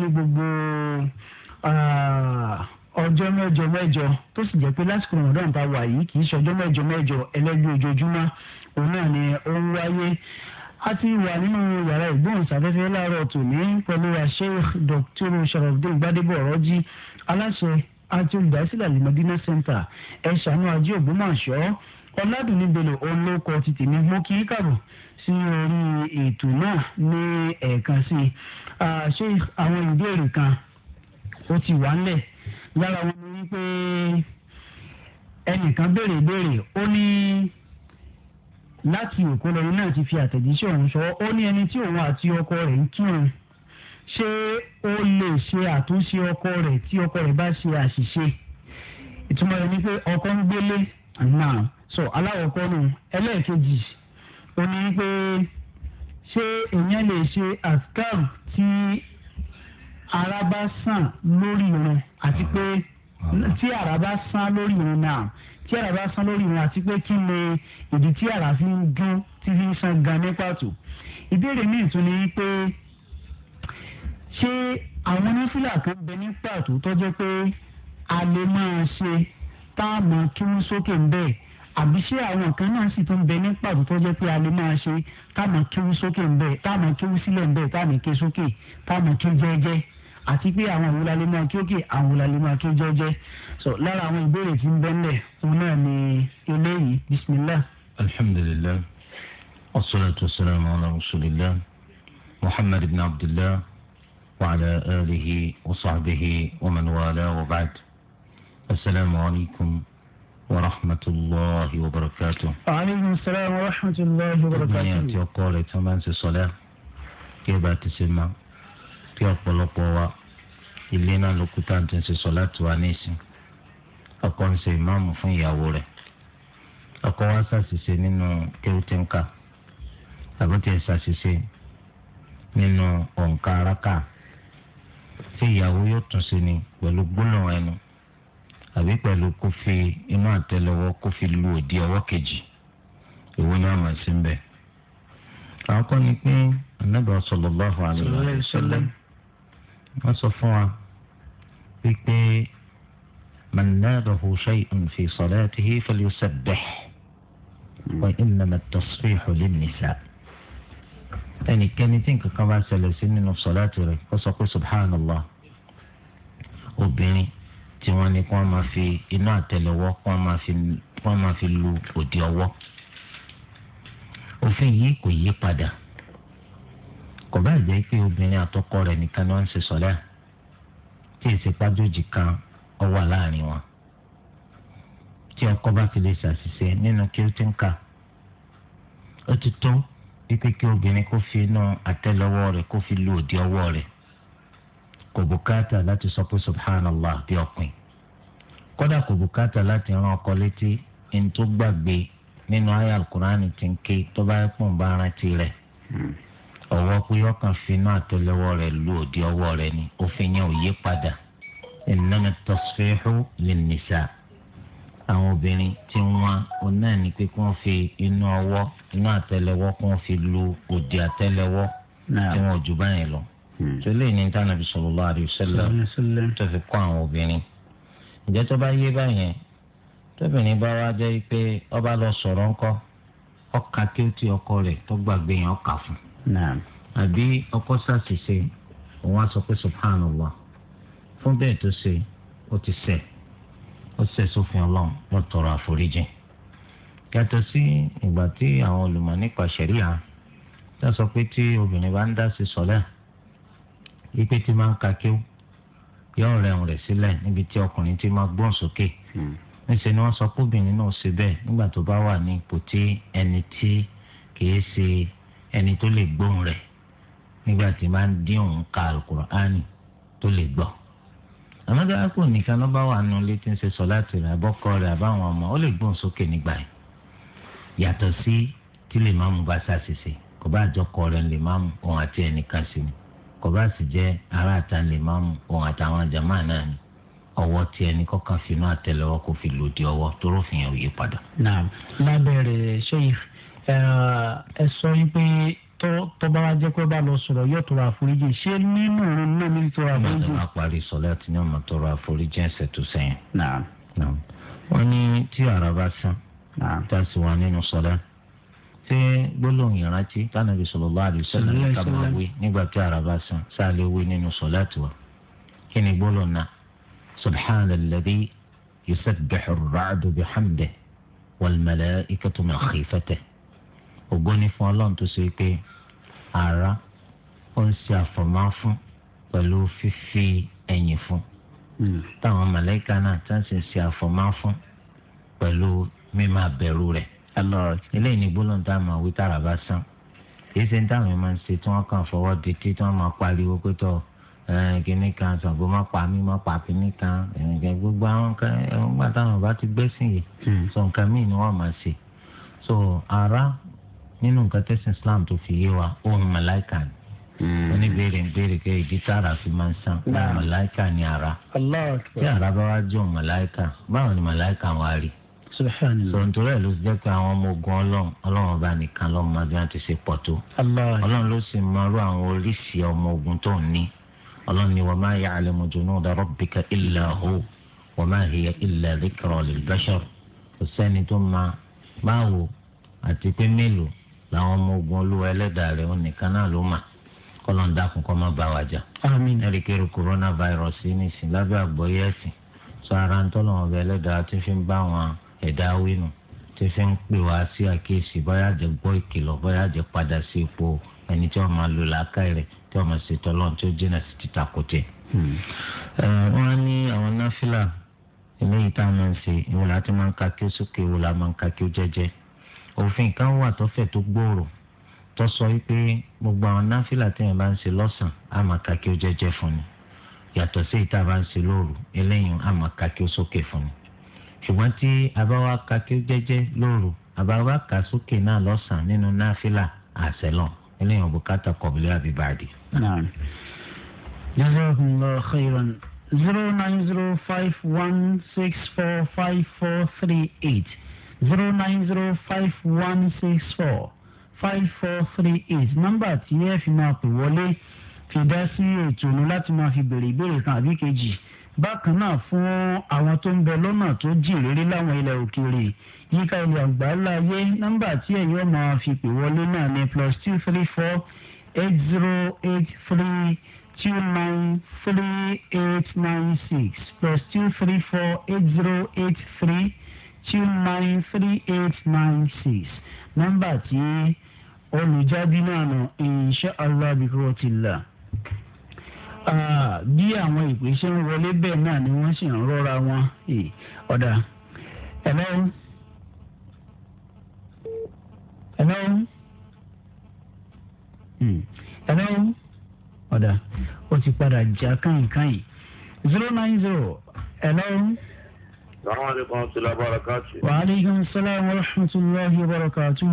ní gbogbo ọjọ́ mẹ́jọ mẹ́jọ tó sì jẹ́ pé lásìkò ramadan tá a wà yìí kì í ṣe ọjọ́ mẹ́jọ mẹ́jọ ẹlẹ́gbẹ́ ojoojúmọ́ òun náà ni ó ń wáyé a ti wà nínú yàrá ìgbóhùnsáfẹ́fẹ́ láàárọ̀ tòní pẹ̀lú Sheikh Dr. Sharafdin Gbadebo Ọ̀rọ̀jì aláṣẹ àti olùdásílẹ̀ Al-Madina Center ẹ̀ṣánú ajé Ògbómọ̀ṣọ́ ọ̀làdùnní bello olóko ti tèmi mo kí í kàbọ̀ sí orí ètò náà ní ẹ̀ẹ̀kan sí i ṣé àwọn ìbéèrè kan ó ti wà ńlẹ̀ lára wọn ni wípé ẹnìkan béèrè béèrè ó ní láti Èkó lọ́yìn náà ti fi àtẹ̀jíṣẹ́ òun sọ ó ní ẹni tí òun àti ọkọ rẹ̀ ń kírun ṣé ó lè ṣe àtúnṣe ọkọ rẹ̀ tí ọkọ rẹ̀ bá ṣe àṣìṣe ìtumọ̀ rẹ̀ ni pé ọkọ ń gbélé náà so aláwọ̀kọ́ nù ẹlẹ́ẹ̀kejì ó ní pé ṣé èèyàn lè ṣe àsìkáàrù tí ara bá sàn lórí irun àti pé tí ara bá sàn lórí irun náà tí ara bá sàn lórí irun àti pé kí ni ìdí tí ara fi ń dún tí fi ń sàn gan ní pàtó ìbéèrè míì tún ni pé ṣé àwọn onífìlà kan bẹ ní pàtó tó pé a lè máa ṣe táàmù kí wọ́n sókè ń bẹ́ẹ̀ àbí ṣé àwọn nǹkan náà sì tún bẹ ní pàtó tó jẹ́ pé a lè máa ṣe táwọn kéwú sókè ń bẹ táwọn kéwú sílẹ̀ ń bẹ táwọn ké sókè táwọn ké jẹ́jẹ́ àti pé àwọn òwúlà lè máa ké òkè àwọn òwúlà máa ké jẹ́jẹ́ so lára àwọn ìbéèrè tí ń bẹ ńlẹ̀ òun náà ni eléyìí bismillah. alhamdulillah wassalatu wassalamu ala rasulillah muhammad ibn abdullah wa ala alihi wa sahbihi wa man wa ba'd assalamu alaykum. ورحمة الله وبركاته وعليكم السلام ورحمة الله وبركاته ní àti ọkọ rẹ̀ tí wọ́n bá ń ṣe sọ́lá kí ẹ bá ti ṣe máa kí ọ̀pọ̀lọpọ̀ wa ilé náà ló kú táǹtì ń ṣe sọ́lá tó wa ní ìsìn ọkọ ń ṣe ìmáàmù fún ìyàwó rẹ̀ ọkọ wa ṣàṣìṣe nínú kéwùtẹ́ńkà àbótẹ́ ṣàṣìṣe nínú òǹkà araka tí ìyàwó yóò tún ṣe ni pẹ̀lú gbólóhùn ẹnu àbí pẹ̀lú kó fi inú àtẹ́lẹwọ́ kó fi lu òdi ọwọ́ kejì èwo ni wọ́n máa ṣe ń bẹ̀. àwọn kan ní pé anábà sallallahu alaihi wasallam wọ́n sọ fún wa wípé man nadahu shay'un fi salatihi falyusabbih wa innama at-tasfihu lin-nisa ẹnikẹ́ni tí nǹkan kan bá ṣẹlẹ̀ sí nínú sọ̀láàtì rẹ̀ kó sọ pé subhanallah obìnrin tí wọ́n ní kí wọ́n máa fi iná àtẹ́lẹwọ́ kí wọ́n máa fi kí wọ́n máa fi lu òdì ọwọ́ òfin yìí kò yí padà kò bá jẹ́ pé obìnrin àtọkọ rẹ̀ nìkan ni wọ́n ń ṣe sọ́lá tí èsì pàjọ́jì kan ó wà láàrin wọn tí ọkọ bá fi lè ṣàṣìṣe nínú kí ó ti ń kà ó ti tó pípé kí obìnrin kó fi iná àtẹ́lẹwọ́ rẹ̀ kó fi lu òdì ọwọ́ rẹ̀ kò bùkátà láti sọ pé subhanallah bí ọpin kódà kò bùkátà láti rán ọkọ létí ẹni tó gbàgbé nínú àyà alukur'ani ti ń ké tó bá pọ̀n bá rántí rẹ̀ hmm. ọwọ́ pé ọkàn finú àtẹ́lẹwọ́ rẹ̀ lu òdi ọwọ́ rẹ̀ ni òfin yẹn ò yí padà ìnáni tasfihu lin-nisa àwọn obìnrin tí wọ́n oná ní pé kí wọ́n fi inú ọwọ́ inú àtẹ́lẹwọ́ kí wọ́n fi lu òdi àtẹ́lẹwọ́ tí wọ́n ò jù báyìí lọ. tẹ́lẹ̀ hmm. ní tànàbí sallallahu alaihi tó fi kọ àwọn obìnrin ǹjẹ́ tó bá yé báyẹn tóbìnrin bá wá jẹ́ pé ọba lọ sọ̀rọ̀ ọkà kí ó ti ọkọ rẹ tó gbàgbé yẹn ọkà fún àbí ọkọ ṣàṣìṣe òun á sọ pé subhanallah fún bẹ́ẹ̀ tó ṣe ó ti ṣẹ̀ ó ṣẹ̀ sófin ọlọ́run ló tọrọ àforíjì yàtọ̀ sí ìgbà tí àwọn olùmọ̀ nípa ipe tí máa ń ka kéw yóò rẹ̀hùn rẹ̀ sílẹ̀ níbi tí ọkùnrin ti máa gbọ́n sókè hmm. níṣẹ́ ni wọ́n sọ pé obìnrin náà ṣe bẹ́ẹ̀ nígbà tó bá wà ní ipò tí ẹni tí kìí ṣe ẹni tó lè gbóhùn rẹ̀ nígbà tí máa ń dín òun ka alukur'ani tó lè gbọ́ àmọ́ dára kò nìkan ló bá wà nù létí ń ṣe sọ láti rẹ̀ àbọ́kọ rẹ̀ àbáwọn ọmọ ó lè gbóhùn sókè nígbà yìí yàtọ̀ sí tí lè máa mú bá ṣàṣìṣe kò bá àjọkọ rẹ̀ lè máa mú òun àti ẹnìkan sí ni. kọba sì ara ará àta òun àtàwọn jàmá náà ni ọwọ́ tí ẹni kò fi lòdì ọwọ tó rọfin padà. naam lábẹ́rẹ̀ sẹ́yìn ẹ sọ pé tọ́ba wa jẹ́ pé bá lọ sọ̀rọ̀ yóò tọrọ àforíjì ṣé nínú òun náà ní tọrọ àforíjì. parí àti ní ọmọ tọrọ àforíjì ẹsẹ̀ tó sẹ́yìn. naam wọ́n ṣé gbólóhùn ìrántí tánàbí sallallahu alaihi wasallam ká máa wí nígbà tí ara bá san sáà lè wí nínú sọ̀láàtì wa kí ni gbólóhùn náà subhana alladhi yusabbihu ar-ra'du bihamdihi wal-mala'ikatu min khifatihi ògo fún ọlọ́run tó ṣe pé ara ó ń ṣe àfọ̀mọ́ fún pẹ̀lú fífi ẹ̀yìn fún hmm. táwọn màláíkà náà tó ń ṣe àfọ̀mọ́ fún pẹ̀lú mímà bẹ̀rù rẹ̀ lọ́rọ̀ eléyìí ní gbólóhùn tá a máa wí tára bá sàn kì í ṣe ní táwọn máa ń ṣe tí wọ́n kàn fọwọ́ di tí wọ́n máa pariwo pé tọ́ kìnnì kan Ṣàngó má pa mí má pa kìnnì kan ẹ̀ǹkẹ́ gbogbo àwọn kan ẹ̀wọ̀n gbà táwọn bá ti gbẹ́sìn yìí hmm. sọ nǹkan míì ni wọ́n máa ṣe so ara nínú nǹkan tẹ́sán Islam tó fi yé wa ohun màláìka ni hmm. oníbèrè béèrè pé ìdí tára fi máa ń san hmm. màláìka ni ara tí ara bá wá jọ màláìka báwo ni màláìka wá rí sọ̀ntorí ẹ̀ ló jẹ́ pé àwọn ọmọ ogun ọlọ́run ọlọ́run ọba nìkan lọ́mọ bí wọ́n ti ṣe pọ̀ tó ọlọ́run ló sì máa rú àwọn oríṣi ọmọ ogun tó ń ní ọlọ́run ni wa ma ya'lamu junuda rabbika illa hu wa ma hiya illa dhikra lil bashar kò sẹ́ni tó máa báwo àti pé mélòó làwọn ọmọ ogun olúwa ẹlẹ́dàá rẹ̀ nìkan náà ló mà kọ́ ẹ̀dá wínú tí fi ń pè wá sí àkíyèsí bóyá jẹ gbọ́ ìkìlọ̀ bóyá jẹ padà sí ipò ẹni tí wọ́n máa lò lákàá rẹ̀ tí wọ́n máa ṣètò ọlọ́run tí ó jìnnà sí títà kò tẹ̀. Hmm. wọ́n á ní àwọn náfìlà eléyìí tá a máa ń ṣe ìwò láti máa ń ka kí ó sókè ìwò la máa ń ka kí ó jẹ́jẹ́ òfin kan wà tó fẹ̀ tó gbòòrò tó sọ wípé gbogbo àwọn náfìlà téèyàn bá ń ṣe lọ́sàn á máa ka kí ó jẹ́jẹ́ fún ni yàtọ̀ sí ìta bá ń ṣe lóru eléyìí á máa ka kí ó sókè fún ni ṣùgbọ́n tí abáwá ka kí jẹ́jẹ́ lóru abáwá ka sókè náà lọ́sàn-án nínú náfìlà àṣẹlọ eléyìí ọ̀bùn kàtà kọ̀bìlì àbíbàdì. jazakumullahu khairan zero nine zero five one six four five four three eight zero nine zero five one six four five four three eight nọ́mbà tí ẹ fi máa pè wọlé fi dá sí ètò ní láti máa fi béèrè ìbéèrè kan àbí kejì bákan náà fún àwọn tó ń bẹ lọ́nà tó jìn rírí láwọn ilẹ̀ òkèèrè yíká ilẹ̀ àgbáńlá ayé nọ́mbà tí ẹ̀yin ọmọ fi pè wọlé náà ni plus two three four eight zero eight three two nine three eight nine six plus two three four eight zero eight three two nine three eight nine six nọ́mbà tí olùjábí náà nù insha Allah bí Ah, bí àwọn ìpè ṣe ń wọlé bẹ́ẹ̀ náà ni wọ́n sì ń rọra wọn ọ̀dà ẹ̀lọ́ ẹ̀lọ́ ẹ̀lọ́ ọ̀dà O ti padà já káyìnkáyìn zero nine zero ẹ̀lọ́. O wa rahmatulahi wa barakatu. wa aleykum salaam wa rahmatulahi wa barakatu.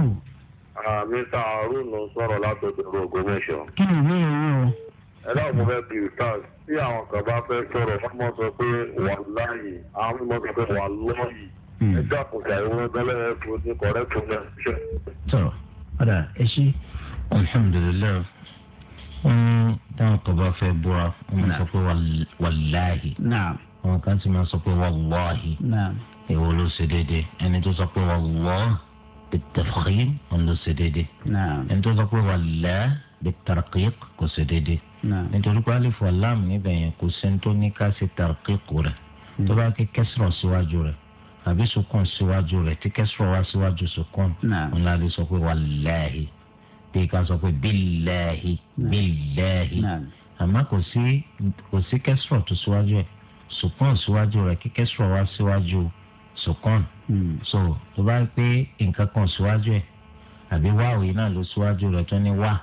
mi ta àrùn sọ̀rọ̀ látọ̀dọ̀ ògbómọ̀ṣọ́. kí ni ìbéèrè yín o ẹ̀rọ mo fẹ́ bí ìtàn tí àwọn kan bá fẹ́ sọ̀rọ̀ wọ́n mọ̀ sọ pé wà láàyè àwọn mímọ́ sọ pé wà lọ́ọ̀yì hmm. ẹjọ́ àkùnjà ìwé ọgbẹ́lẹ́ ẹ̀kọ́ ní kọ̀rẹ́tù náà ṣe. sọ̀rọ̀ padà ẹ ṣí alhamdulilayi wọn ní táwọn kan bá fẹ́ búra wọn sọ pé wà láàyè àwọn kan sì máa sọ pé wà lọ́ọ̀yì èwo ló ṣe déédéé ẹni tó sọ pé wà lọ́ọ̀ ẹni tó sọ pé wà láàyè bí tarqiq kò ṣe déédéé. nítorí pé alif alam níbẹ̀ yẹn kò sẹ́ni tó ní ká ṣe tarqiq rẹ̀ tó bá ké kẹsìrọ̀ síwájú rẹ̀ àbí sukun síwájú rẹ̀ tí kẹsìrọ̀ wá síwájú sukun òun náà lè sọ pé wàláhi bí ká sọ pé bíláhi bíláhi àmọ́ kò sí kò sí kẹsìrọ̀ tó síwájú ẹ̀ sukun síwájú rẹ̀ kí kẹsìrọ̀ wá síwájú sukun hmm. so tó bá pé nǹkan kan síwájú ẹ̀ àbí wáwò yìí náà ló síwájú rẹ̀ tó ní wá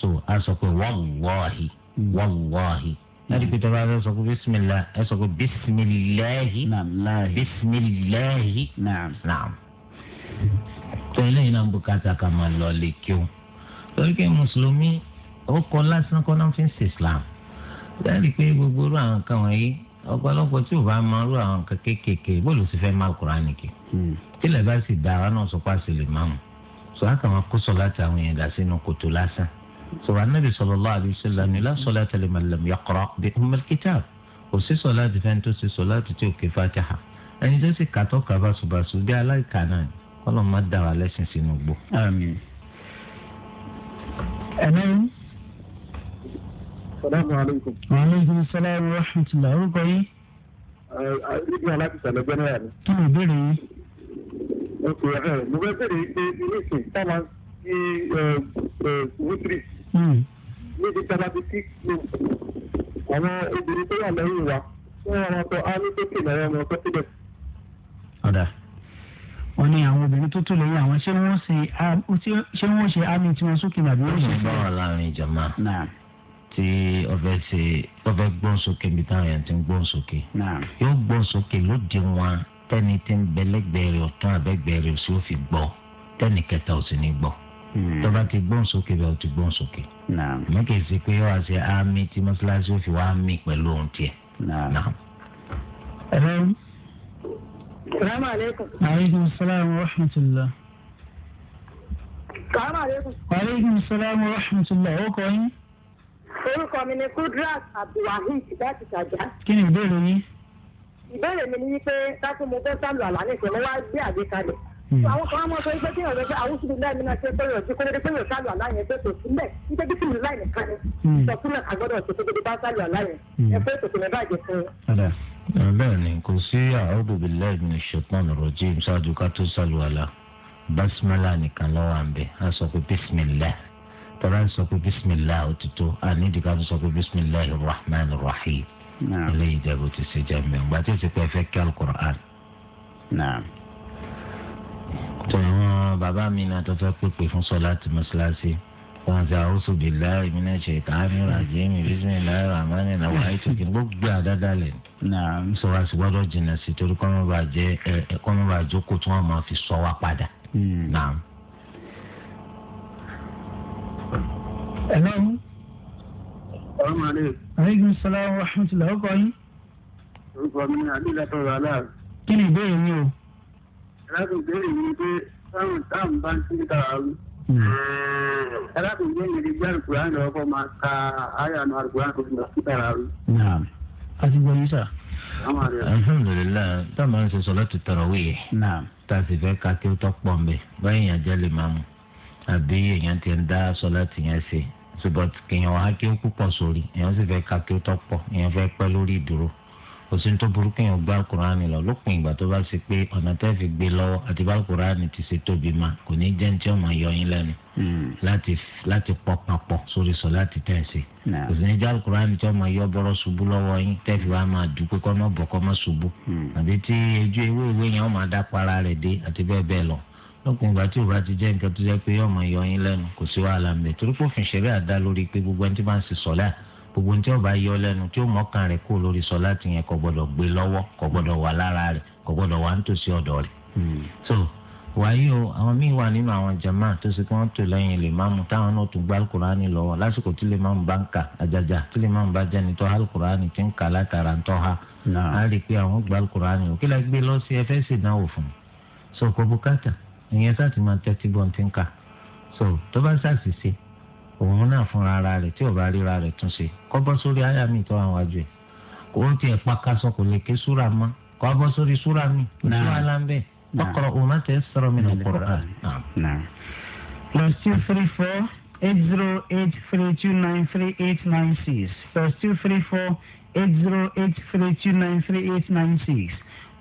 so a sọ pé wàlúwàhì hmm. wàlúwàhì hmm. láti pété bá sọ pé bisimilá ẹ sọ pé bisimiláhi bisimiláhi naam tẹ́lẹ̀ iná bùkátà ká máa lọ lè kíw torí pé mùsùlùmí ó kọ lásán kọ́ náà fi ń ṣe islam láti pé gbogbo irú àwọn kan wọ̀nyí ọ̀pọ̀lọpọ̀ tí ò bá máa rú àwọn kan kéékèèké bóòlù sì fẹ́ máa kúránì kì hmm. tílẹ̀ bá sì dá ara náà sọ pé a sì lè máa mú sọ á kà máa kó sọ láti àwọn yẹn dà sínú kòtò lásán. سمع النبي صلى الله عليه وسلم لا صلاة لمن لم يقرأ بأم الكتاب وسي صلاة فانتو سي صلاة توكي فاتحة ẹni tó sì kàtọ́ kà báṣubàṣu bí aláìka náà kọ́lọ́ má dà wà lẹ́sìn sínú gbò. ẹ̀mí. salaamaleykum. maaleykum salaam wa rahmatulah orúkọ yìí. ibi alákìsà lọ jẹ́nẹ́rà ni. kí ni ìbéèrè yìí. ok mo fẹ́ bèrè pé ilé ìsìn táwọn ti wútírì Hmm. níbi sábàbí tí àwọn obìnrin tó wà lẹ́yìn wa wọ́n rọra sọ á ní sókè lọ́wọ́ ọmọ ọkọ síbẹ̀. ọ̀dà wọ́n ní àwọn obìnrin tó tó lẹ́yìn àwọn ṣé wọ́n ṣe ṣé wọ́n ṣe àmì tí wọ́n sókè nàbí wọ́n ṣe. wọ́n bá wà láàrin ìjọba tí ọfẹ ṣe ọfẹ gbọ́n sókè níbi táwọn èèyàn ti ń gbọ́n sókè yóò gbọ́n sókè lóde wọn tẹ́ni tí ń bẹlẹgbẹrẹ ọ̀tún àbẹgbẹrẹ òsì ó fi gbọ́ tẹ́ni kẹta òsì ní gbọ́. Hmm. tó bá ti gbọ́n sókè bẹ́ẹ̀ ó ti gbọ́n sókè. mo kì í ṣe pé wàá ṣe àmì tí mọ́ṣáláṣí ó fi wá mì pẹ̀lú ohun tiẹ̀. ẹ̀rọ salaamaleykum. aleykum salaam wa rahmatulah. salaamaleykum. aleykum salaam wa rahmatulah. o kò yín. orúkọ mi ni kudrat abdulwahid láti ṣàjà. kí ni ìbéèrè yín. ìbéèrè mi ni wípé dákú mo fẹ́ sálù àlá nìkan mo wá gbé àgbékalẹ̀. Hmm. àwọn kan máa sọ pé kí ọ̀rẹ́ fẹ́ àwùjọ ìlú láìmí náà ṣe pé ọ̀rẹ́ kó dédé pé ọ̀rẹ́ sálù aláyẹn pé kò sí mbẹ́ nígbà tí kìlú láì nìkan ni ìsọkúnlẹ̀ hmm. àgbọ̀dọ̀ ṣe dédé bá sálù aláyẹn hmm. ẹ pé kò tẹ̀lé bàjẹ́ fún un. bẹ́ẹ̀ ni kò sí a'udhu billahi minash shaitanir rajim ṣáájú ká tó sálù àlá basmala nìkan lọ́wọ́ à ń bẹ̀ á sọ pé bismillah tọ́lá ń sọ pé bismillah òtítọ́ ànídìí ká tó sọ pé bismillahir rahmanir rahim eléyìí jẹ́ bó ti ṣe jẹ́ mẹ́rin gbàtí ìsìnkú ẹ fẹ́ kí alukur'an tó àwọn bàbá mi náà tó fẹ́ pèpè fún sọlá ti mọ́ṣáláṣí wọn ṣe àwòsàn bìlá ìmínà ṣe káàmì ràjẹ mi bísímìlá ramani náà wàá tó kí n gbogbo àdáda lẹ. sọ wa sì gbọ́dọ̀ jìnnà sí torí kọ́mọ́ bá jẹ́ ẹ kọ́mọ́ bá jókòó tí wọ́n máa fi sọ wa padà. ẹ lọ́mú. ọlọ́mọdé. aleykum salaam wa rahmatulah ọkọ yín. orúkọ mi ni adélatọ̀ rẹ̀ aláàrẹ̀. kí ni ìbéèrè mi o ẹlẹ́kùn béèrè mi pé táwọn táwọn bá ń tún tàrà rú. ẹlẹ́kùn béèrè mi gbé àlùkùrán lọ́wọ́ kọ́ máa ka àyà àná àlùkùrán tó fún tún tàrà rú. a ti gbọ́ yín sà. alhamdulilayi táwọn máa ń ṣe sọlá ti tọrọ wí yẹ. tá a sì fẹ́ ka kí ó tọ́ pọ̀ mbẹ́ báyìí èèyàn jẹ́ lè máa mú àbí èèyàn ti ń dá sọlá ti yẹn ṣe ṣùgbọ́n kéèyàn wá kí ó púpọ̀ sórí èèyàn sì fẹ́ ka kí ó tọ́ pọ̀ èèyàn fẹ́ pẹ́ lórí ìdúró kò sí tó burúkú yẹn gba alukur'an lọ lópin ìgbà tó bá ṣe pé ọ̀nà tẹ́ fi gbé lọ́wọ́ àti bá alukur'an ti ṣe tóbi ma kò ní jẹ́ ní tí ọmọ yọ yín lẹ́nu hmm. láti láti pọ̀ papọ̀ sórí sọ láti tẹ̀ ṣe kò sí ní jẹ́ alukur'an tí ọmọ yọ bọ́rọ̀ ṣubú lọ́wọ́ yín tẹ́ fi wá máa dùpẹ́ kọ́ mọ́ bọ̀ kọ́ mọ́ ṣubú hmm. àbí tí ojú ewé ìwé yẹn ọmọ adá para rẹ̀ dé àti bẹ́ẹ̀ bẹ́ẹ̀ lọ lókun ìgbà tí òbá ti jẹ́ nǹkan tó jẹ́ pé ọmọ yọ yín lẹ́nu kò sí wàhálà ń bẹ̀ torí àdá lórí pé gbogbo ẹni tí máa ń sọ̀lá gbogbo ní tí ó bá yọ lẹ́nu tí ó mọ̀ọ́kàn rẹ̀ kó lórí sọ̀láàtì yẹn kò gbọ́dọ̀ gbé lọ́wọ́ kò gbọ́dọ̀ wà lára rẹ̀ kò gbọ́dọ̀ wà nítòsí ọ̀dọ̀ rẹ̀. Hmm. so wàyí o àwọn míì wà nínú àwọn jama tó ṣe kí wọ́n tò lẹ́yìn lè máàmù táwọn náà tún gbá alukurani lọ́wọ́ lásìkò tí lè máàmù bá ń kà àjàjà tí lè máàmù bá jẹ́ ní tọ́ alukurani tí ń kà látara ń tọ́ ha á rí i pé àwọn gbá alukurani o kí lè gbé lọ sí ẹfẹ́ sì náà fún un so kò bùkátà ìyẹn sáà ti máa tẹ́tí bọ́ ń ti ń kà so tó bá ṣàṣìṣe òun náà fúnra ara rẹ̀ tí ò bá ríra rẹ̀ tún ṣe kó bọ́ sórí àyà mi tó àwọn àjọ ẹ̀ òun ti ẹ̀ pakasọ kò lè ké súra mọ́ kó bọ́ sórí súra mi súra láńbẹ́ kọ́kọ́rọ́ òun náà tẹ̀ sọ̀rọ̀ mi lọ́kọ̀ọ́rọ́ plus two three four eight zero eight three two nine three eight nine six plus two three four eight zero eight three two nine three eight nine six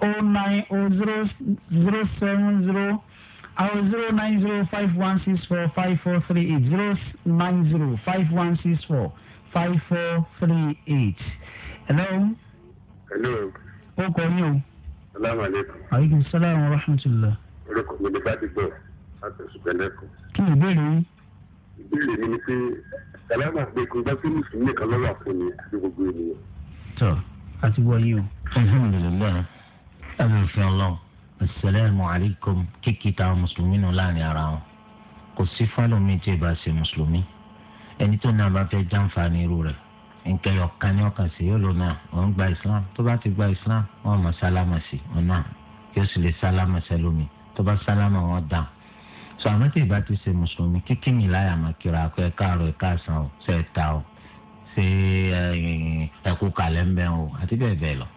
oh nine oh zero zero seven zero. Our zero nine zero five one six four five four three eight zero nine zero five one six four five four three eight. hello. hello. ó kọ ní o. salaamaleykum. aleykum salaam wa rahmatulah. orúkọ mi ni fàdígbò láti ṣùgbọ́nẹ́kọ̀. kí ni ìbéèrè yín. ìbéèrè mi ni pé sàlámà àgbẹ̀kùn bá fún mùsùlùmí kan lọ́wọ́ àfọ̀nì àti gbogbo ènìyàn. tọ́ àti wọ́n yìí o. alhamdulilayi. ẹ bẹ̀rẹ̀ fi ọlọ́run asalaamualeykum kíkì táwọn mùsùlùmí nù láàrin ara wọn kò sí fálọ́mì tí ì bá ṣe mùsùlùmí ẹni tó náà bá fẹ́ jàǹfààní irú rẹ̀ nǹkan ọ̀kan ní ọkàn sí yóò lò náà wọ́n gba islam tó bá ti gba islam wọ́n mọ̀ sálámà sí wọn náà yóò sì lè sálámà sẹ́lómi tó bá sálámà wọn dà sọ àmọ́ tí ì bá ti ṣe mùsùlùmí kíkì mi láyà máa kíra pé ẹ káàárọ̀ ẹ káàsán o ṣe é ta o ṣe ẹkú kalẹ̀ ń bẹ̀ o àti bẹ́ẹ̀ bẹ́ẹ̀ lọ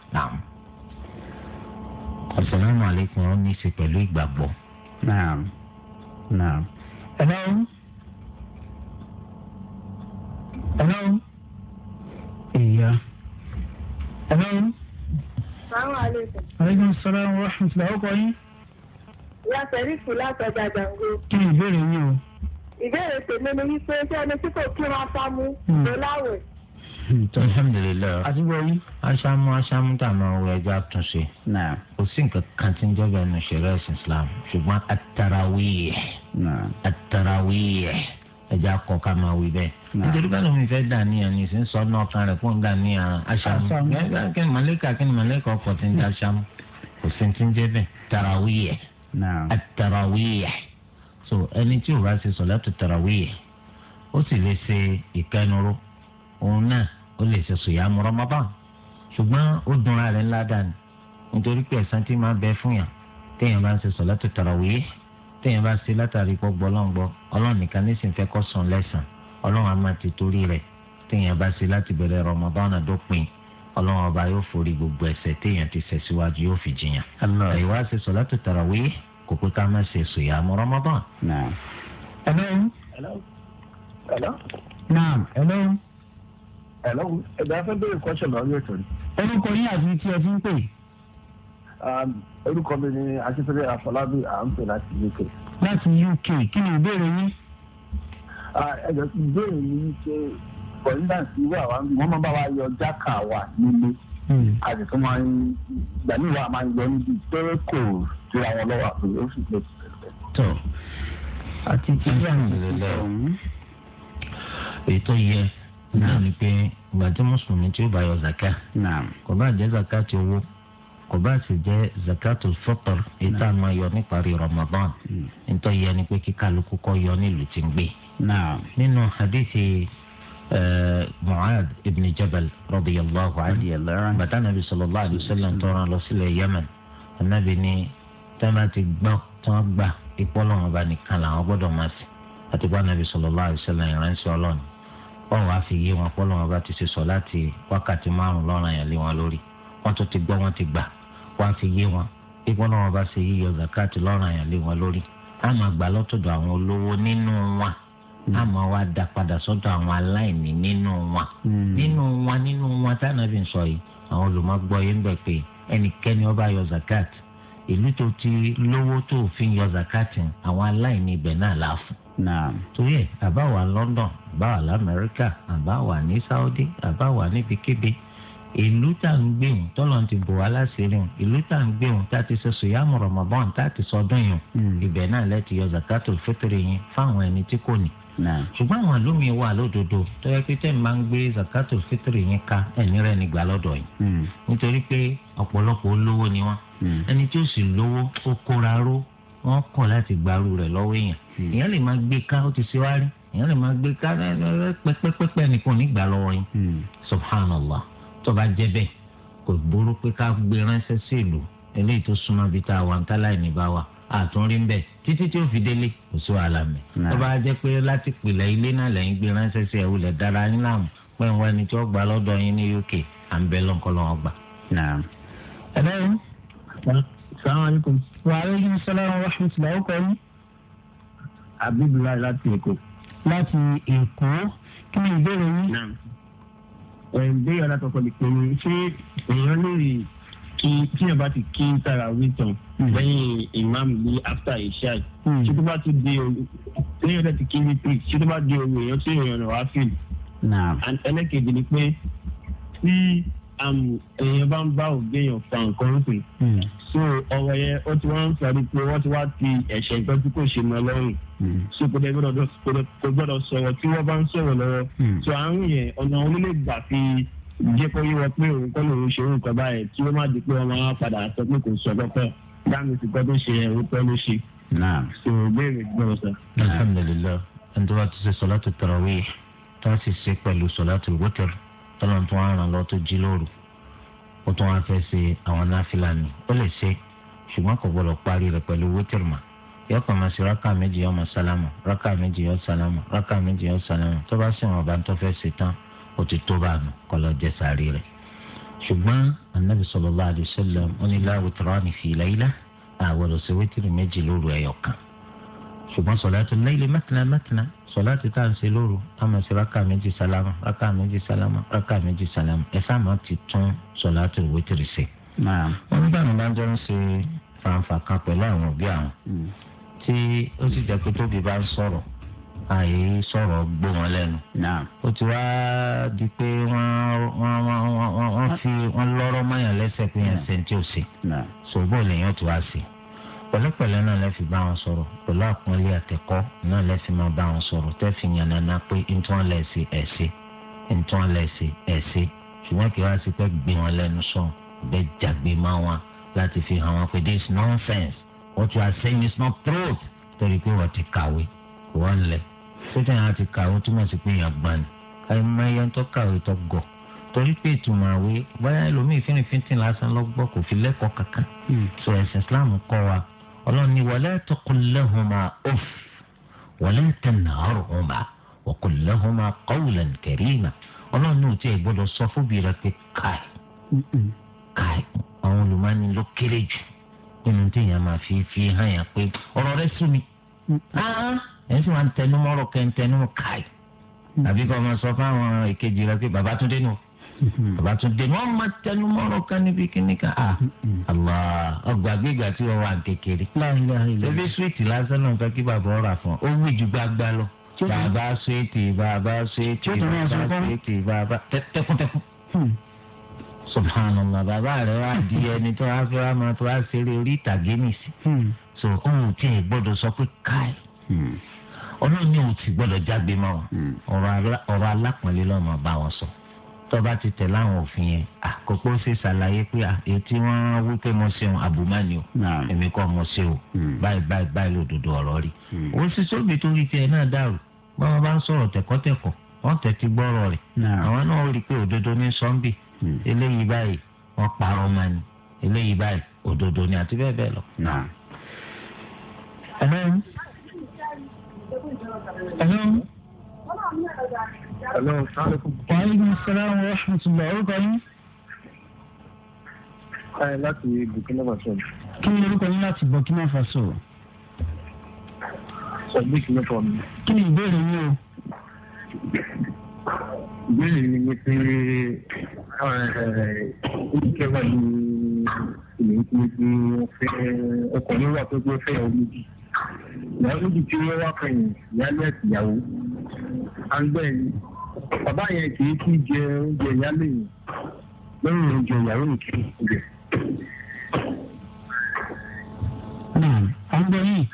asalaamu alaykum ọ ní í ṣe pẹ̀lú ìgbàgbọ́. naam naam hello hello ìyá hello. salaamaleykum. aleykum salaam wa rahmatulah ọkọ yín. ìyá sẹ́rífù látọjà gbàngbó. kí ni ìbéèrè yín o. ìbéèrè tèmi ni wípé ṣé ẹni tí kò kí wọn fá mú hmm. ló láwẹ̀. alhamdulilayi àtúgbọ̀yí. aṣáámú aṣáámú tá a máa wọ ẹja túnṣe. kò sí nǹkan kan tí ń jẹ́bẹ̀ẹ́ nu ṣẹ̀rẹ́ ẹ̀sìn islam ṣùgbọ́n atarawiyẹ atarawiyẹ ẹja kọ ká máa wí bẹ́ẹ̀. nítorí báyìí mi fẹ́ dà níyàn ní ìsìn sọ náà kan rẹ̀ kó ń dà níyàn aṣáámú. kí ni màlẹ́kà kí ni màlẹ́kà ọkọ̀ ti ń da aṣáámú kò sí ti ń jẹ́bẹ̀ẹ́ tarawiyẹ atarawiyẹ so ẹni tí ó lè ṣe sòyàmù Ramadan ṣùgbọ́n ó dunra rẹ̀ ńlá dànù nítorí pé ẹ̀san tí máa bẹ fún yàn téèyàn bá ń ṣe sọ̀látù tarawih téèyàn bá ṣe látàrí pọ̀ gbọ́lọ́ngbọ́ ọlọ́run nìkan ní sìn fẹ́ kọ́ sàn lẹ́sàn ọlọ́run á máa ti torí rẹ̀ téèyàn bá ṣe láti bẹ̀rẹ̀ Ramadan dópin ọlọ́run ọba yóò forí gbogbo ẹ̀ṣẹ̀ téèyàn ti ṣẹ̀ síwájú yóò fi jiyàn. hello. hello. naam. hello ẹ̀lọ́ ẹ̀dá fẹ́ bẹ̀rẹ̀ kọ́ṣẹ̀ lórí ètò yìí. orúkọ yín àti tí ẹ fi ń pè. Um, orúkọ mi ni akíntúndé àfọlábí à ń pè láti uk. láti uk kí ni ìbéèrè yín. ẹ̀jọ̀ ti béèrè yín ṣe kọ̀ńdàǹsì wà wá wọ́n máa bá wa yọ jákà wà nílé àti hmm. tó máa ń gbà ní ìwà máa ń yọ níbi pé kò tura wọn lọ́wọ́ àpò ó sì pé. tọ́ àti tí wọ́n ń lò ètò yẹn náà ni pé ìgbà tí mùsùlùmí tí ó bá yọ zaka kò bá jẹ́ zaka ti owó kò bá sì jẹ́ zakatul fitr èyí tá a máa yọ níparí ramadan hmm. nítorí yẹ ni pé kíkálukú kọ́ yọ nílùú tí ń gbé. nínú hadithi mu'adh ibn jabal radiyallahu anhu bàtà nàbì sallallahu alayhi wa sallam tọrọ lọ sílẹ̀ yemen anabi ni tẹ́lá ti gbọ́ tí wọ́n gbà ìpọ́lọ́wọ́n bá nìkan làwọn gbọ́dọ̀ máa sìn àti bá nàbì sallallahu alayhi wa sallam ìránṣẹ́ ọlọ́run wọn wá fi yé wọn pọ́lọ́ wọn bá ti ṣe sọ láti wákàtí márùn lọ́ràn yẹn lé wọn lórí wọn tún ti gbọ́ wọn ti gbà wọn fi yé wọn ìpọ́nà wọn bá ṣe yíyọ zakati lọ́ràn yẹn lé wọn lórí a máa gbà lọ́tọ̀dọ̀ àwọn olówó nínú wọn hmm. a máa wá da padà sọ́dọ̀ àwọn aláìní nínú wọn hmm. nínú wọn nínú wọn táwọn fi ń sọ yìí àwọn olùmọ̀gbọ́ yẹn ń bẹ̀ pé ẹnikẹ́ni ó yọ zakati ìlú tó ti lówó tó fi yọ zakati àwọn aláìní ibẹ̀ náà láàfún torí ẹ̀ àbá wà London àbá wà lamẹ́ríkà àbá wà ní Saudi àbá wà níbikíbi ìlú tá ń gbé òun tọ́lọ́ ti bò wá láṣìírí òun ìlú tá ń gbé òun tá ti sọ sòyàmù Ramadan tá ti sọdún yìí hmm. ibẹ̀ náà lẹ́tì yọ zakatul fitri yẹn fáwọn ẹni tí kò ní. ṣùgbọ́n àwọn ìlú mi wà lódodo tó yẹ pé tẹ́ ń máa ń gbé zakatul fitri yẹn ká ẹni rẹ̀ nígbà lọ́dọ̀ yìí hmm. nítorí pé ọ̀pọ̀lọpọ̀ olówó ni wọ́n hmm. ẹni tí ó sì lówó ó kóra ró wọ́n kọ̀ láti gbaru rẹ̀ lọ́wọ́ èèyàn hmm. èèyàn lè máa gbé ká ó ti ṣe wá rí èèyàn lè máa gbé ká pẹ́pẹ́pẹ́ nìkan nígbà lọ́wọ́ yín hmm. subhanallah tó bá jẹ́ bẹ́ẹ̀ kò burú pé ká gbé ránṣẹ́ sí ìlú eléyìí tó súnmọ́ bíi tá a wà ń tálà ìní bá wà àtúnrí ń bẹ̀ títí tí ó fi délé kò sí wàhálà mi tó bá jẹ́ pé láti pìlẹ̀ ilé náà lẹ́yìn gbé ránṣẹ́ sí ẹ̀wù lẹ̀ dára yín láàmú pẹ̀ ń wá tí ó gbà lọ́dọ̀ yín ní UK à ń bẹ lọ́nkọ́ lọ́wọ́ gbà. ẹ bẹ́ẹ̀ salaamaleykum. waaleykum salaam wa rahmatulah ó kọ́ yín. abdullahi láti èkó. láti èkó kí ni ìbéèrè yín. ìbéèrè alákọ̀ọ́kọ́ ni pé ṣé èèyàn lè rí kí tí ẹ bá ti kí tara wíìtàn hmm. lẹ́yìn imam bí after ishai hmm. ṣé tó bá ti di omi lẹ́yìn ọ̀dẹ̀ ti kí wípé ṣé tó bá di omi èèyàn tí èèyàn rẹ̀ wá fìlì. ẹlẹ́kejì ni pé tí èèyàn bá ń bá òbí èèyàn fa nǹkan rúpin hmm. so ọ̀rọ̀ yẹn ó ti wá ń sáré pé wọ́n ti wá ti ẹ̀ṣẹ̀ nǹkan tí kò ṣe mọ́ lọ́rùn hmm. so kò dẹ̀ gbọ́dọ̀ sọ̀rọ̀ tí wọ́n bá ń sọ̀rọ̀ lọ́wọ́ hmm. so àrùn yẹn ọ̀nà onílé gbà fi jẹ́ kó yé wọn pé òun kọ́ lòun ṣe òun kọ́ báyẹn tí wọ́n má di pé wọ́n máa padà sọ pé kò sọ lọ́pẹ́ dáàmì ti gbọ́dọ̀ ṣe ẹ̀rù pẹ́ ló ṣe. so béèrè gbọ́dọ̀ sọ. alhamdulilayi ẹni tó bá ti ṣe sọlá tó tarawih tó a sì ṣe pẹ̀lú sọlá tó wọ́tẹ̀rù tọ́lọ̀ tó ń ràn lọ tó jí lóru ó tún wáá fẹ́ ṣe àwọn náfìlà ni ó lè ṣe ṣùgbọ́n kò gbọdọ̀ parí rẹ̀ pẹ̀lú wítìrìmà yóò kàn máa ṣe rákà méjì yóò máa sálámà rákà méjì yóò sálámà rákà méjì yóò sálámà tó bá ṣèwọ̀n bá ń tó fẹ́ ṣe tán ó ti tó bá nù kọ́ lọ jẹ sàárì rẹ̀ ṣùgbọ́n anabi sallallahu alaihi wasallam ó ní la witrani fi layla àwọ̀rọ̀ ṣe wítìrì méjì lóru ẹ̀yọ̀ kan ṣùgbọ́n salatul layli matna matna sọláàtì tá à ń ṣe lóru a máa ṣe rákà méjì sálámà rákà méjì sálámà rákà méjì sálámà ẹ sáàmà ti tún sọláàtì wítìrì ṣe. wọ́n nígbà mi máa ń jọ ń ṣe fàǹfà kan pẹ̀lú àwọn òbí àwọn hmm. tí ó sì jẹ́ pé tóbi bá ń sọ̀rọ̀ àyè sọ̀rọ̀ gbó wọn lẹ́nu. ó ti wá di pé wọ́n fi wọ́n lọ́rọ̀ mọ́yàn lẹ́sẹ̀ pé yẹn ṣe ní tí ò ṣe. sòbó lèèyàn tó wá sí i pẹ̀lẹ́pẹ̀lẹ́ náà lẹ́sìn bá wọn sọ̀rọ̀ pẹ̀lú àpọ́nlé àtẹ̀kọ́ náà lẹ́sìn máa bá wọn sọ̀rọ̀ tẹ́sí yànnàná pé ntọ́n lẹ́sìn ẹ̀sìn ntọ́n lẹ́sìn ẹ̀sìn ṣùgbọ́n kí wá sí pé gbé wọn lẹ́nu sọ bẹ́ẹ̀ jàgbé má wọn láti fi hàn wọn pé this is nonsense what you are saying is not truth torí pé wọ́n ti kàwé wọ́n lẹ̀ sẹ́tẹ̀ yẹn ti kàwé túmọ̀ sí pé yàn gbani àìmọ ẹyẹ tó kàwé tó gọ̀ torí pé ìtumọ̀ àwé báyà ẹlòmíì fínnífínní lásán lọ́gbọ́ kò fi lẹ́kọ̀ọ́ kankan hmm. so ẹ̀sìn Islam kọ́ wa ọlọ́run ní wala taqul lahuma uff wala tanharhuma wa qul lahuma qawlan karima ọlọ́run náà tiẹ̀ gbọ́dọ̀ sọ fúnbi rẹ pé káì káì àwọn olùmọ́ni ló kéré jù nínú téèyàn máa fi fi hàn yàn pé ọ̀rọ̀ rẹ sú mi ẹ̀yìn sì máa ń tẹnumọ́ ọ̀rọ̀ kẹ́ ń tẹnumọ́ káì àbíkọ́ máa sọ fáwọn èkejì rẹ pé bàbá tún dé Mm-hmm. bàbá tún dé wọn máa tẹnu mọ́rọ̀ kan níbi kíní kan a ah, mm-hmm. Allah ọgbà gbígbà tí wọn wà kékeré ebi suwiti lásán náà fẹ́ kí bàbá ọ̀rà fún ọ ó wí ju gbàgbà lọ bàbá suwiti bàbá suwiti bàbá suwiti bàbá tẹkùntẹkùn hmm. subhanallah bàbá rẹ wá di ẹni tó wá fẹ́ wá máa tó wá ṣeré orí ìtàgé nìsí. Hmm. so òun tí ì gbọ́dọ̀ sọ pé káì hmm. ọlọ́run ní òun ti gbọ́dọ̀ jágbe mọ́ ọ̀rọ̀ alápọ̀nlé bá wọn sọ tọba ti tẹ̀ láwọn òfin yẹn àkókò ṣe ṣàlàyé pé ètí wọn wí pé mo ṣeun àbùmánì o èmi kọ́ mo ṣe o hmm. báyìí báyìí báyìí lòdòdó ọ̀rọ̀ rí. Hmm. ó sì sóbi torí tiẹ̀ náà dàrú báwọn bá ń sọ̀rọ̀ tẹ̀kọ́tẹ̀kọ́ wọ́n tẹ̀tí gbọ́rọ̀ rẹ̀ àwọn náà rí i pé òdodo ní sọ́ńbì hmm. eléyìí báyìí wọ́n parọ́ máa ní eléyìí báyìí òdodo ni àti bẹ́ẹ̀ bẹ́ẹ̀ lọ. Hello? Hello? Hello, Sálẹ́kùn. Wàhálà Sàlámù Rahmatullah, orúkọ yín. Káyọ̀ láti Burkina Faso. Kí ni orúkọ yín láti Burkina Faso? Sọ̀gbìn kìlọ̀ fọ̀ mi. Kí ni ìbéèrè yín o? Ìbéèrè mi ni pé ìjẹ́ wà ní ìlú tí wọ́n fẹ́ ọkọ̀ ní wà tó gbé fẹ́ omi jù ìyàwó méjì tí wọ́n wá fẹ̀yìn ìyálé àtìyàwó à ń gbẹ̀yìn bàbá yẹn kì í kí jẹ oúnjẹ ìyálé yìí lẹ́yìn oúnjẹ ìyàwó ìkí jẹ. ọ̀gbọ́n yìí.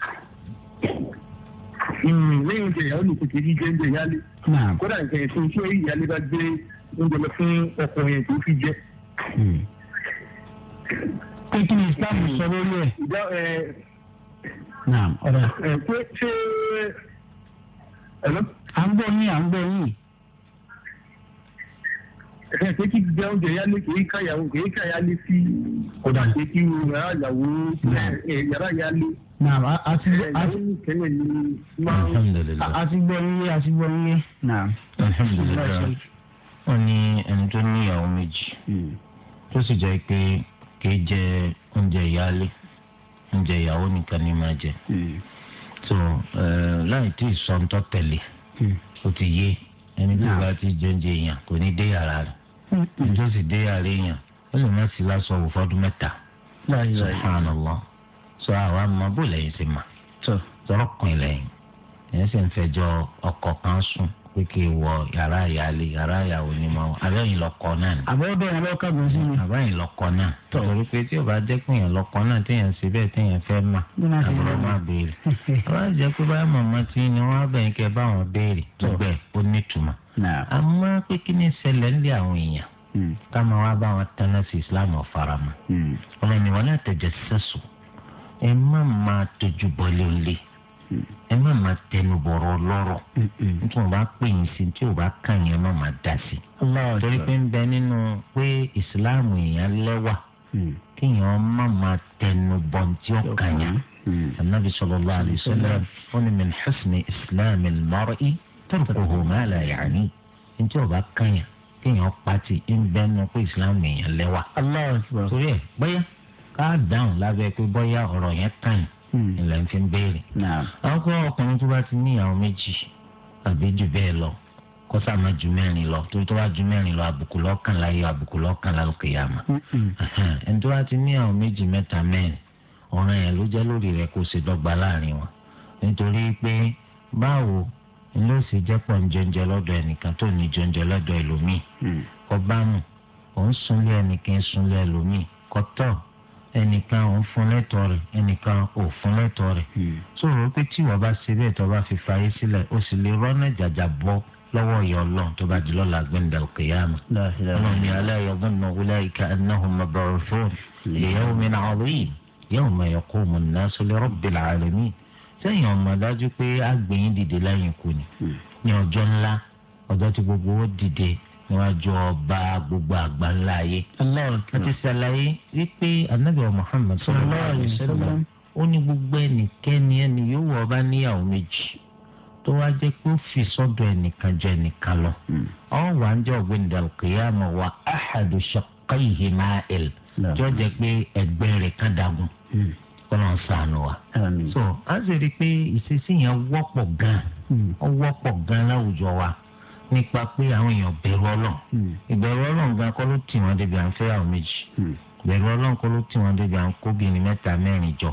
lẹ́yìn oúnjẹ ìyàwó nìkan kì í jẹ oúnjẹ ìyálé. kódà nǹkan ẹ̀sìn tí ìyálé bá gbé oúnjẹ lọ fún ọkọ yẹn kì í fi jẹ. Hmm. pé kí ni islam hmm. sọ lórí ẹ. ọ̀rẹ́. ẹ à ń gbọ́ yín à ń gbọ́ yín. ẹ pé kí jẹ oúnjẹ yálé kì í káyàwó kì í káyàlé sí kódà pé kí yàrá ìyàwó yàrá naam asigbọ nílé asigbọ nílé. alhamdulilayi ní ẹni tó ní ìyàwó méjì hmm. tó sì jẹ́ pé jẹ oúnjẹ ìyálé oúnjẹ ìyàwó nìkan máa jẹ hmm. so láì tí ì sọ ń tọ́ tẹ̀lé hmm. ti yé ẹni tó bá ti jẹ oúnjẹ kò ní dé yàrá rẹ̀. tó sì dé yàrá èèyàn ó lè má sí lásọ wò fọdún mẹ́ta subhanallah sọ àwa mọ bó lẹ́yìn sí ma sọ̀rọ̀ kan lẹ́yìn ẹ̀yìn sì ń fẹjọ́ ọkọ̀ kan sùn. pé wọ yàrá ìyáálé yàrá ìyàwó ni mo abẹ́yìn lọ́kọ náà. àbẹ́yìn àbẹ́ ọkọ mi sí mi. àbẹ́yìn lọ́kọ náà. torí pé tí o bá jẹ́ pé èèyàn lọ́kọ náà téèyàn ṣe bẹ́ẹ̀ téèyàn fẹ́ mà. àbúrò máa béèrè. àbá jẹ́ pé màmá ni wọ́n á bẹ̀yìn kẹ́ báwọn béèrè tó bẹ́ẹ̀ ó àmọ́ pé kí ni ń lé àwọn èèyàn hmm. wá bá wọn ọmọ ẹ má máa tẹnu bọ̀rọ̀ lọ́rọ̀ nítorí wọn bá pè yín sí tí wọn bá kàn yín ẹ má máa dá sí. torí pé ń bẹ nínú pé ìsìláàmù èèyàn lẹ́wà mm. kéèyàn má máa tẹnu bọ̀ tí ó mm. kàn yín. النبي صلى الله عليه وسلم قال من حسن إسلام المرء تركه ما لا يعنيه ní tí ó bá kàn yín kéèyàn pati ń bẹnu pé ìsìláàmù èèyàn lẹ́wà. torí ẹ bóyá ká dáhùn lábẹ́ pé bóyá ọ̀rọ̀ yẹn kàn yín. Hmm. ilẹ̀ ń fi ń béèrè. ọkọ ọkùnrin tó bá ti ní ìyàwó méjì àbí jù bẹ́ẹ̀ lọ kó sàmà ju mẹ́rin lọ torí tó bá ju mẹ́rin lọ àbùkù lọ́kàn láyé àbùkù lọ́kàn lálùkè yàmà. Hmm, hmm. ẹni tó bá ti ní ìyàwó méjì mẹ́ta mẹ́rin ọ̀ràn yẹn ló jẹ́ lórí rẹ̀ kó ṣe dọ́gba láàrin wọn nítorí pé báwo ló sì jẹ́ pọ̀ ń jẹunjẹ lọ́dọ̀ ẹnìkan tó ní jẹunjẹ lọ́dọ̀ ẹlòmíì kọ́ bá òun súnlé ẹnìkan súnlé ẹlòmíì kọ́ tọ̀ ẹnìkan ò fún lẹ́tọ̀ọ́ rẹ̀ ẹnìkan ò fún lẹ́tọ̀ọ́ rẹ̀ tó hmm. rò pé tí wọ́n bá ṣe bẹ́ẹ̀ tó bá fi fàyè sílẹ̀ ó sì lè rọ́nà jàjà bọ́ lọ́wọ́ ìyá ọlọ́run tó bá jùlọ la gbẹ̀ndà al-qiyāmah ọlọ́run ni alā yaẓunnu ulā'ika annahum mab'ūthūna li yawmin 'aẓīm yawma yaqūmu an-nāsu li rabbil 'ālamīn sẹ́yìn ọmọ dájú pé àgbẹ̀yìn dìde lẹ́yìn kù ni hmm. ní ọjọ́ ńlá ọjọ́ tí gbogbo ó dìde wọn jọ ba gbogbo àgbà ńlá yé. àti sàlàyé wípé anabi muhammed sallallahu alayhi wa sallam ó ní gbogbo ẹnikẹ́ni ẹni yóò wọ ọba níyàwó méjì tó wá jẹ́ pé ó fi sọ́dọ̀ ẹnìkan jẹ ẹnìkan lọ. àwọn hmm. wà ń jẹ́ ọ̀gbìn dàlùkìyàmọ̀ wà áhàdù ṣàkóyè máa ẹ̀l jẹ́ pé ẹgbẹ́ rẹ̀ dagun sànù hmm. wa. so a rí i pé ìṣesí yẹn wọ́pọ̀ gan-an hmm. wọ́pọ̀ gan-an láwùjọ wa. nípa pé àwọn èèyàn bẹ̀rù ọlọ́run hmm. ìbẹ̀rù ọlọ́run gan kọ́ ló tì wọ́n débi à ń fẹ́ àwọn méjì hmm. ìbẹ̀rù ọlọ́run kọ́ ló tì wọ́n débi à ń kóbìnrin mẹ́ta mẹ́rin jọ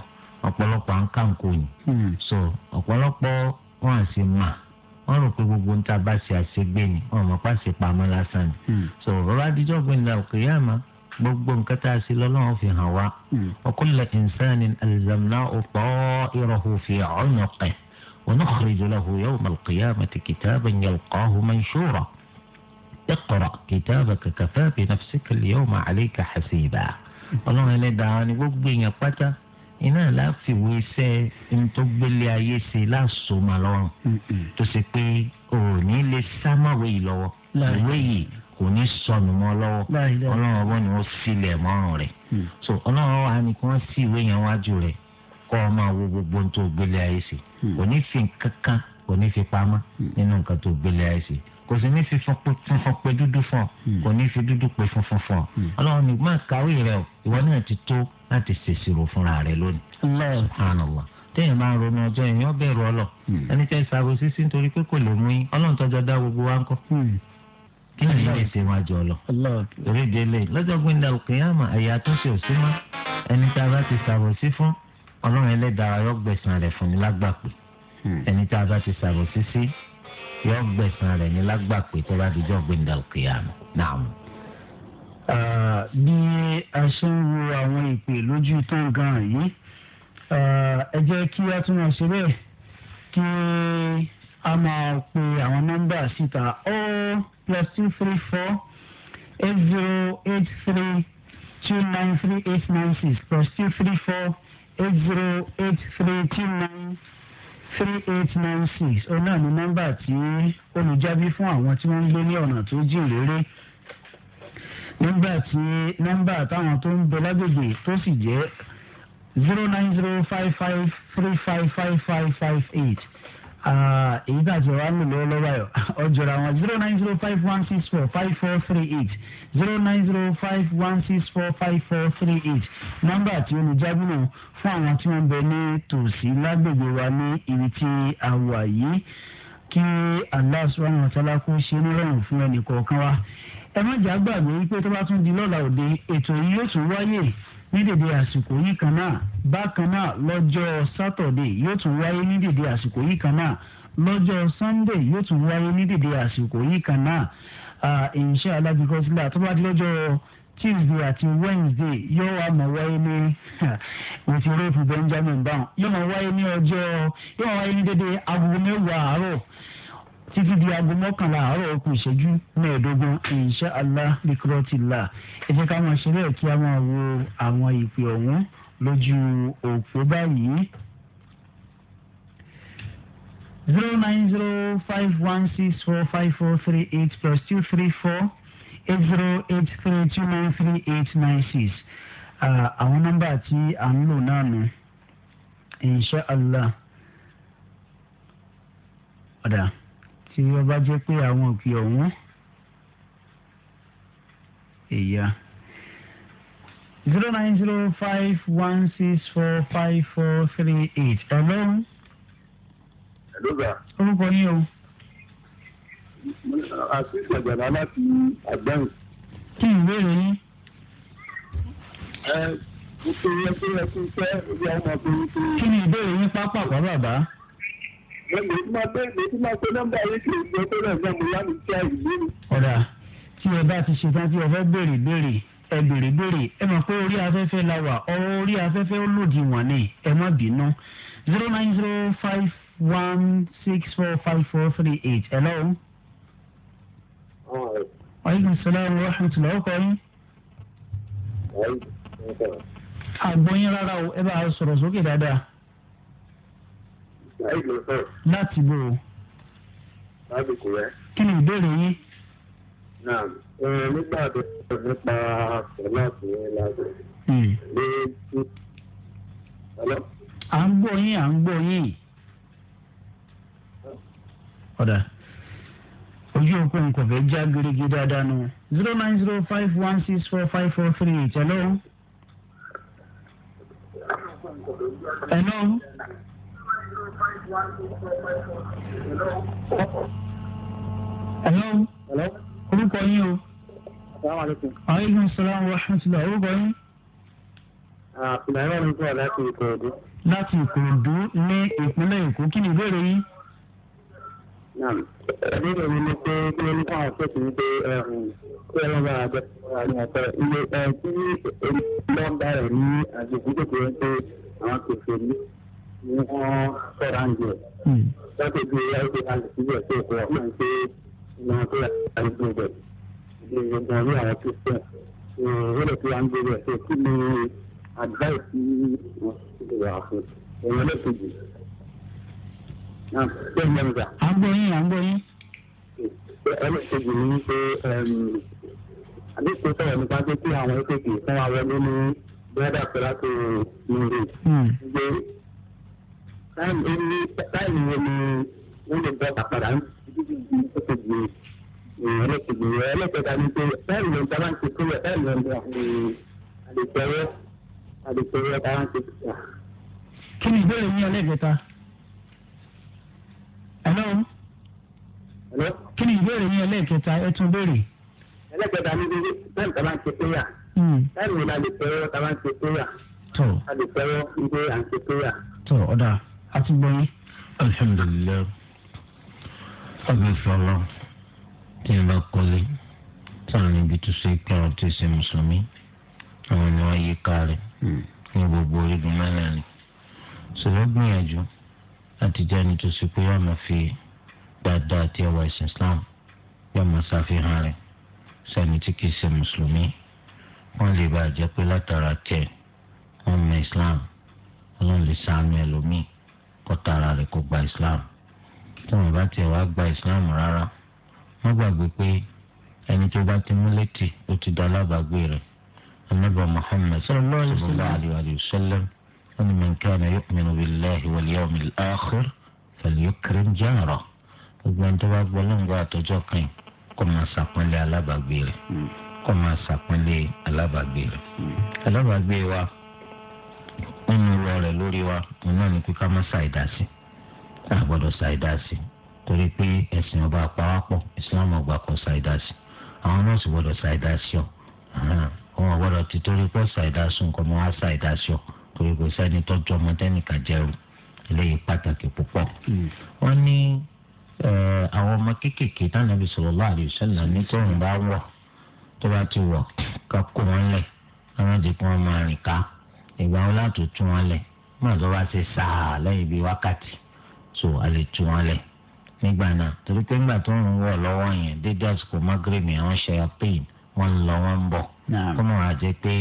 ọ̀pọ̀lọpọ̀ à ń kàǹkó ni hmm. so ọ̀pọ̀lọpọ̀ wọn à sì mà wọn rò pé gbogbo níta bá ṣe àṣegbè ni wọn mọ̀ pàṣẹ pamọ́ lásán ni so ọ̀rọ̀ adijọ́ gbẹ̀ndà òkè yá ma gbogbo nǹkan tá a ṣe lọ́lọ́run fi hàn wá wa kulla insanin alzamnahu ta'irahu fi 'unuqihi ونخرج له يوم القيامة كتابا يلقاه منشورا اقرأ كتابك كفى بنفسك اليوم عليك حسيبا الله لا دعاني بقب يقتا إنا لا في ويسى إن تقبل يا يسى لا سوما لون تسيقي أوني لسما ويلو ويي kòní sọnù mọ lọwọ ọlọrun ọbọ ni wọn sílẹ mọrùn rẹ so ọlọrun kọ́ ọ máa wo gbogbo ohun tó gbélé ayé sí hmm. òní fi kankan òní fi pamọ́ hmm. nínú nǹkan tó gbélé ayé sí kò sí ní fífún funfun pé dúdú fún ọ hmm. kò ní fi dúdú pé funfun fún ọ Ọlọ́run ní máa kàwé rẹ o ìwọ náà ti tó láti ṣèṣirò fúnra rẹ lónìí. subhanallah téèyàn máa ronú ọjọ́ yẹn yóò bẹ̀rù ọlọ ẹni tẹ́ ìsàrò sísí nítorí pé kò lè mú yín Ọlọ́run tọ́jọ́ dá gbogbo wa ń kọ́ kí ni ilé ìṣe wọn àjọ lọ. torí délé lọ́jọ́ gbẹ̀ndà òkè yàmà ẹ̀yà tó ṣe òṣìmọ́ ẹni tá a bá ti ṣàbòsí fún ọlọ́run ẹlẹ́dàá yọ gbẹ̀san rẹ̀ fún ni lágbàpè hmm. ẹni tá a bá ti sàbò sísí yọ gbẹ̀san rẹ̀ ní lágbàpè tó bá dijọ́ gbẹ̀ndà òkè àmì náà. Ah, bí a ṣe ń wo àwọn ìpè lójú tó ń gan yìí ah, ẹ jẹ́ kí a tún máa bẹ́ẹ̀ kí a máa pe àwọn nọ́mbà síta o plus two three four eight zero eight three two nine three eight nine six plus two three four eight zero eight three two nine three eight nine six ọ̀nà ní nọ́mbà tí olùjábí fún àwọn tí wọ́n ń gbé ní ọ̀nà tó jìn lérè nígbà tí nọ́mbà táwọn tó ń bẹ lágbègbè tó sì jẹ́ zero nine zero five five three five five five five eight. Ah, èyí tá a sọ̀rọ̀ àmì lọ́wọ́ lọ́wọ́ ayọ̀ ọjọ́ra wọn zero nine zero five one six four five four three eight zero nine zero five one six four five four three eight nọ́mbà àti olùjábìnà fún àwọn tí wọ́n bẹ ní tòsí lágbègbè wa ní ibi tí a wà yìí kí Allah subhanahu wa ta'ala kó ṣe nírọ̀rùn fún ẹnì kọ̀ọ̀kan wa ẹ má jà gbàgbé wípé tó bá tún di lọ́la òde ètò yìí yóò tún wáyé ní dèdè àsìkò yìí kan náà bákan náà lọ́jọ́ sátọ̀dé yóò tún wáyé ní dèdè àsìkò yìí kan náà lọ́jọ́ sannde yóò tún wáyé ní dèdè àsìkò yìí kan náà insha Allah because lọ́jọ́ tuesday àti wednesday yóò wá máa wáyé ní òtítọ́ benjamin brown yóò máa wáyé ní ọjọ́ yóò máa wáyé ní dédé agogo mẹ́wàá àárọ̀ títí di aago mọ́kànlá àárọ̀ ó kù ìṣẹ́jú mẹ́ẹ̀ẹ́dógún insha Allah bíkúrọ́tìlá ẹ jẹ́ ká máa ṣe bẹ́ẹ̀ kí a máa wo àwọn ìpè ọ̀hún lójú òpó báyìí. zero nine zero five one six four five four three eight plus two three four eight zero eight three two nine three eight nine six àwọn nọ́mbà tí à ń lò náà nù insha Allah. Ọ̀dà tí ó bá jẹ́ pé àwọn òkè ọ̀hún ẹ̀yà zero nine zero five one six four five four three eight hello. hello sir. orúkọ yín o. àṣìṣe àgbàdo aláti àgbáyìn. kí n béèrè yín. ẹ mo pe ẹ pé ẹ ti fẹ́ orí ọmọ pé. kí ni ìbéèrè yín pápá bàbá mo ti máa pé mo ti máa pé nọ́mbà yìí kì í lọ tó rẹ̀ náà mo yá mi tí àyè lé mi. ọ̀rà tí ẹ bá ti ṣetán tí ẹ fẹ́ béèrè béèrè ẹ béèrè béèrè ẹ mọ̀ pé orí afẹ́fẹ́ la wà ọ̀rọ̀ orí afẹ́fẹ́ ó lòdì wọ̀n ni ẹ má bínú zero nine zero five one six four five four three eight hello. aleykum salaam wa rahmatulah ọkọ yín. àgbọ̀nyin rárá o ẹ bá a sọ̀rọ̀ sókè dáadáa. láti bò ó. láti kò yẹ. kí ni ìbéèrè yín. náà nígbà tó nípa sọláàtì yẹn láti. tí. Hmm. à ń gbọ́ yín à ń gbọ́ yín. ọ̀dà ojú Hello. Hello. Orúkọ yín o. Salaamaleykum. Aleykum salaam wa rahmatulah. Orúkọ yín. Àpìlẹ̀rọ̀ mi bọ̀ láti Ìkòròdú. Láti Ìkòròdú ní ìpínlẹ̀ Èkó. Kí ni ìbéèrè yín? Ìbéèrè mi ni pé kí ló ní fún àwọn fẹ́ẹ̀sì wípé kí ẹ lọ́ba àjọ àmì ọ̀pẹ ilé ẹ̀ tí lọ́ba rẹ̀ ní àjòkú tó kéré pé àwọn kò fèrè ni wọ́n fẹ́ràn jù ẹ̀. lọ́sẹ̀ bí ẹ̀yà ìgbé kalẹ̀ síbẹ̀ tó kọ́ ọ́ máa ń ṣe ìnáwó tó yà á gbé bẹ̀. ìgbìmọ̀ ní àwọn kristian ìrọ̀lẹ́ tó yà ń gbé bẹ̀ ṣe kí ni advice yìí wọ́n ti wà fún ẹ̀yọ́ lẹ́sẹ̀jì. à ń gbọ́ yín à ń gbọ́ yín. ẹlẹ́sẹ̀jì ni pé àdéhùn sọ̀rọ̀ nípa pé kí àwọn ẹ̀kẹ́kẹ́ fún wa wọlé ní bẹ́ẹ̀dà pẹ̀lá tó ní rè táìmù omi táìmù omi wọ́n lè bọ́ pàpàdà ń ṣe ju ni pé táìmù omi táwọn ń ṣe kúrò táìmù omi àlùfẹ́rẹ́ àlùfẹ́rẹ́ táwọn ń ṣe kúrò. kí ni ìbéèrè yín ẹlẹ́kẹ̀ta? hello. hello. kí ni ìbéèrè yín ẹlẹ́kẹ̀ta ẹ tún béèrè. ẹlẹ́kẹ̀ta ni táìmù táwọn ń ṣe kúrò táìmù omi àlùfẹ́rẹ́ táwọn ń ṣe kúrò àlùfẹ́rẹ́ ń gbé à ń ṣe kúrò. tó ọ̀dà àti gbọ́yìn. alhamdulilayi agbèfọ́lọ́ tí n bá kọ́lé sáàrin ibi tó ṣe pé àwọn tó ṣe mùsùlùmí àwọn ni wọ́n yí kárẹ̀ hmm. ní gbogbo orígun mẹ́rẹ̀ẹ̀rin sọ̀rọ̀ gbìyànjú láti jẹ́ ẹni tó ṣe pé yóò máa fi dáadáa àti ẹwà ìsìn Islam yóò máa ṣàfihàn rẹ̀ sẹ́ni tí kìí ṣe mùsùlùmí wọ́n lè bàa jẹ́ pé látara tẹ̀ wọ́n mọ Islam ọlọ́run lè ṣàánú ẹlòmíì kó tara rẹ̀ kó gba islam tí wọ́n bá tiẹ̀ wá gba islam rárá wọ́n gbàgbé pé ẹni tó bá ti mú létí ó ti dá alábàágbé rẹ̀ anábà muhammed sallallahu alayhi wa sallam wọ́n ní man kana yu'minu billahi wal yawmil akhir falyukrim jarahu gbogbo ẹni tó bá gbọ́ lóńgbò àtọ́jọ́ kan kó máa ṣàpọ́nlé alábàágbé rẹ̀ kó máa ṣàpọ́nlé alábàágbé rẹ̀ alábàágbé wa nínú ọ̀rọ̀ rẹ̀ lórí wa òun náà ní pé ká má ṣàìdá sí ká gbọ́dọ̀ ṣàìdá sí torí pé ẹ̀sìn ọba àpawápọ̀ ìsìláàmù ọgbà kan ṣàìdá sí àwọn náà sì gbọ́dọ̀ ṣàìdá sí ọ wọn gbọ́dọ̀ ti torí pé ṣàìdá sùn kọ́ mọ́ wá ṣàìdá sí torí kò sẹ́ni tọ́jú ọmọ tẹ́nìkan jẹ́rù eléyìí pàtàkì púpọ̀. Hmm. wọ́n ní àwọn ọmọ kéékèèké tánàbí sallallahu alaihi wasallam ní tóun bá wọ̀ tó bá ti wọ̀ ká kó wọn lẹ̀ ká má ìgbà wọn láti tún wọn lẹ̀ náà tó bá ṣe sáà lẹ́yìn bíi wákàtí tó a lè tún wọn lẹ̀ nígbà náà torí pé nígbà tó ń wọ̀ lọ́wọ́ yẹn dédé àsìkò magrèmí àwọn ṣayatin wọn ń lọ wọn ń bọ̀ kọ́mọ wàá jẹ pé